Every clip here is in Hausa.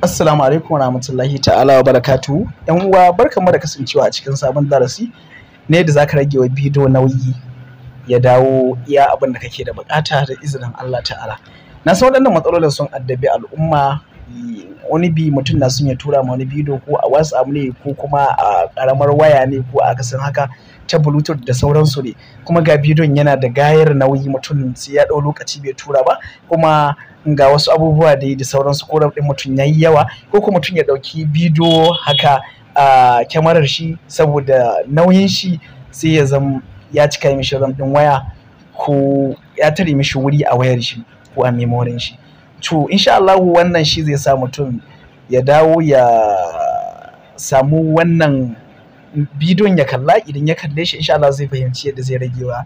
Assalamu alaikum warahmatullahi ta'ala wa barakatuhu. Yan uwa barkamu da kasancewa a cikin sabon darasi ne da zaka rage wa bidiyo nauyi ya dawo iya abin da kake da bukata da izinin Allah ta'ala. Na san waɗannan matsalolin sun addabi al'umma wani bi mutum na sun ya tura ma wani bidiyo ko a WhatsApp ne ko kuma a ƙaramar waya ne ko a kasan haka ta bluetooth da sauransu ne kuma ga bidiyon yana da gayar nauyi mutum sai ya ɗau lokaci bai tura ba kuma ga wasu abubuwa da yi da sauransu ko ɗin mutum ya yi yawa ko kuma mutum ya ɗauki bidiyo haka a kyamarar shi saboda nauyin shi sai ya zama ya cika mishi ram ɗin waya ko ya tare mishi wuri a wayar shi ko a memorin shi to insha Allah wannan shi zai sa mutum ya dawo ya samu wannan bidiyon ya kalla idan ya kalle shi insha Allah zai fahimci yadda zai ragewa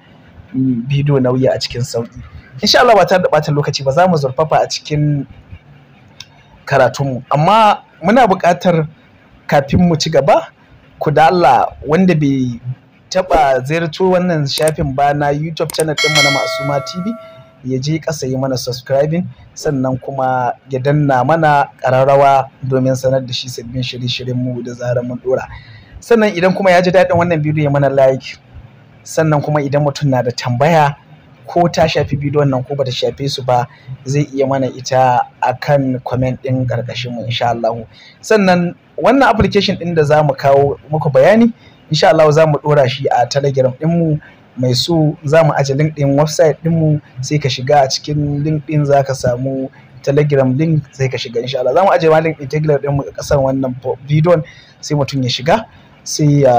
bidiyo nauyi a cikin sauki insha Allah ba ta da bata lokaci ba za mu zurfafa a cikin karatunmu amma muna buƙatar kafin mu ci gaba ku da Allah wanda bai taba ziyarto wannan shafin ba na YouTube channel ɗinmu na Masuma TV ya je ƙasa yi mana subscribing sannan kuma ya danna mana ƙararrawa domin sanar da shi sabbin shirye mu da zarar mun dora. sannan idan kuma ya ji daɗin wannan bidiyo ya mana like sannan kuma idan mutum na da tambaya ko ta shafi bidiyon nan ko bata shafe su ba zai iya mana ita akan comment ɗin ƙarƙashin mu insha Allah sannan wannan application ɗin da za mu kawo muku bayani insha Allah za mu ɗora shi a telegram ɗin mu mai su za mu aje link ɗin website ɗin mu sai ka shiga a cikin link ɗin za ka samu telegram link sai ka shiga insha Allah za mu aje ma link ɗin telegram ɗin mu ƙasan wannan bidiyon sai mutum ya shiga sai ya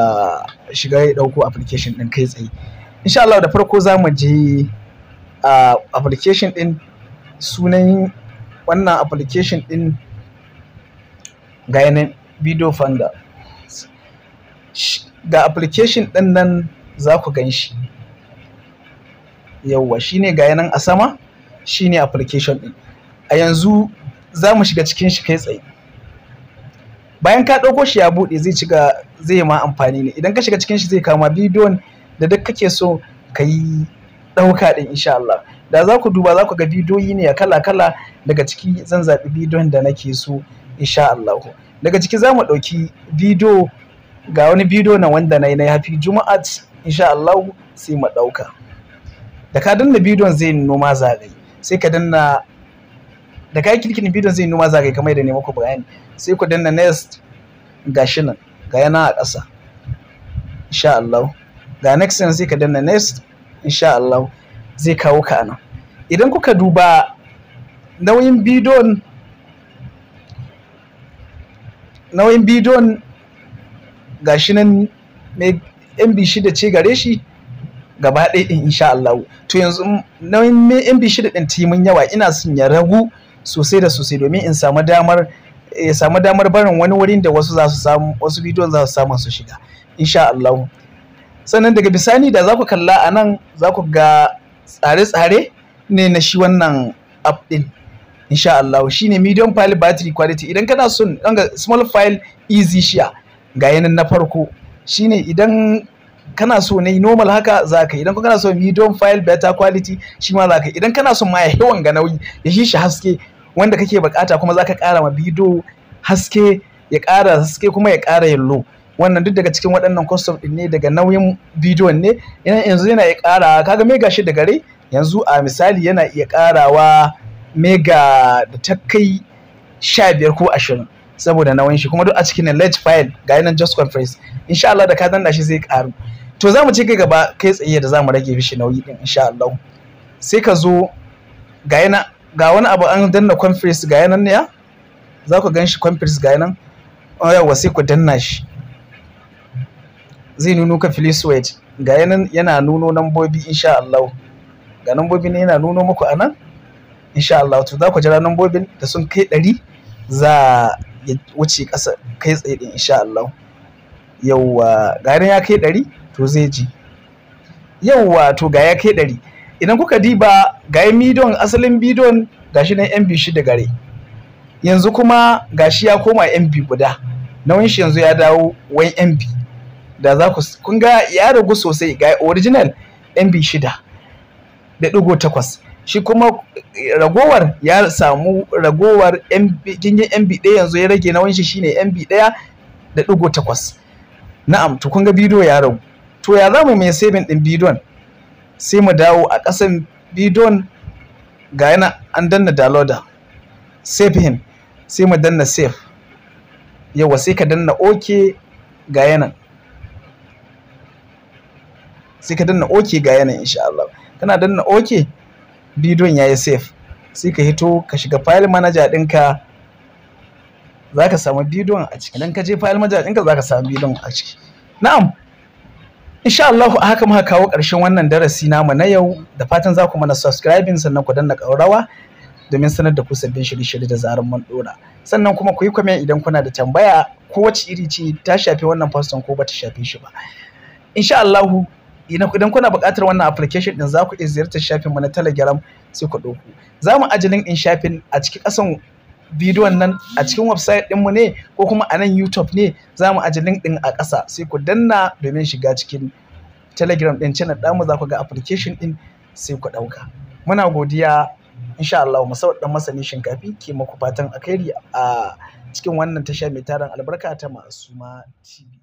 shiga ya ɗauko application ɗin kai tsaye insha Allah da farko za mu je application ɗin sunan wannan application ɗin ga yanin video founder ga application ɗin nan za ku gan shi yauwa shine ga yanan a sama shine application ɗin a yanzu za mu shiga cikin shi kai tsaye bayan ka ɗauko shi ya buɗe zai ci ga zai ma amfani ne idan ka shiga cikin shi zai kama bidiyon da duk kake so ka yi ɗauka ɗin insha Allah da za ku duba za ku ga bidiyoyi ne a kala kala daga ciki zan zaɓi bidiyon da nake so insha Allah daga ciki za mu ɗauki bidiyo ga wani bidiyo na wanda na yi na hafi juma'at insha Allah sai mu ɗauka da ka danna bidiyon zai noma zagaye sai ka danna da ka yi kirkin bidiyon zai noma zagaye kamar yadda ne muku bayani sai ku danna next gashi nan ga yana a ƙasa insha Allah ga next zai ka danna next insha Allah zai kawo ka ana idan kuka duba nauyin bidon nauyin bidon gashi nan mai mb shida ce gare shi gaba ɗaya ɗin insha Allah to yanzu nauyin mb shida ɗin timin yawa ina son ya ragu sosai da sosai domin in samu damar ya samu damar barin wani wurin da wasu za su samu wasu bidiyon za su samu su shiga insha Allah sannan daga bisani da za ku kalla a nan za ku ga tsare-tsare ne na shi wannan app din insha Allah ne medium file battery quality idan kana son ga small file easy share ga yanin na farko Shi ne idan kana so ne normal haka za ka idan kana so medium file better quality shi ma za ka idan kana so ma ya yawan ga nauyi ya shi shi haske wanda kake bukata kuma zaka kara ma bidiyo haske ya kara haske kuma ya kara yallo wannan duk daga cikin waɗannan custom ɗin ne daga nauyin bidiyon ne yanzu yana iya ƙara kaga mega shi da gare yanzu a misali yana iya ƙarawa mega da ta kai sha biyar ko ashirin saboda nauyin shi kuma duk a cikin ledge file ga yanan just conference insha Allah da ka danna shi zai ƙaru to za mu ci gaba kai tsaye da za mu rage mishi nauyi din insha Allah sai ka zo ga yana ga wani abu an danna conference ga yanan ne ya za ku gan shi conference ga yanan oh, yawa sai ku danna shi zai nuno ka filiswet ga yanan yana nuno nambobi insha Allah ga nambobi ne yana nuno muku anan insha Allah to za ku jira nambobin da sun kai ɗari za ya wuce ƙasa kai tsaye din insha Allah yauwa ga yanan ya kai ɗari to zai ji yauwa to ga ya kai ɗari idan kuka diba ga midon asalin bidon gashi nan mb shida gare yanzu kuma gashi ya koma mb guda nauyin shi yanzu ya dawo wani mb da za ku kun ga ya ragu sosai ga original mb shida da ɗigo takwas shi kuma eh, ragowar ya samu ragowar jingin mb ɗaya yanzu ya rage nauyin shi shine mb ɗaya da ɗigo takwas na'am to kun ga bidiyo ya ragu to ya zamu mai saving ɗin bidon sai mu dawo a ƙasan bidon ga yana an danna downloader save him sai mu danna save yawa sai ka danna ok ga yana sai ka danna ok ga yana insha Allah kana danna ok bidon yayi save sai ka hito ka shiga file manager ɗinka za ka samu bidon a ciki idan ka je file manager ɗinka za ka samu bidon a ciki na'am insha Allah haka muka kawo ƙarshen wannan darasi namu na yau da fatan za ku mana subscribing sannan ku danna ƙaurawa domin sanar da ku sabbin shirye-shirye da zarar mun dora sannan kuma ku yi comment idan kuna da tambaya ko wace iri ce ta shafi wannan faston ko bata shafe shi ba insha Allah idan kuna buƙatar wannan application din za ku iya ziyartar shafin mu na Telegram sai ku ɗauko za mu ajiyin in shafin a cikin ƙasan bidiyon nan a cikin website mu ne ko kuma a nan YouTube ne za mu aji link ɗin a ƙasa sai ku danna domin shiga cikin Telegram ɗin channel damu za ku ga application din sai ku ɗauka. Muna godiya insha Allah mu dan masani shinkafi ke muku fatan a cikin wannan tasha mai tarin albarka ta ma TV.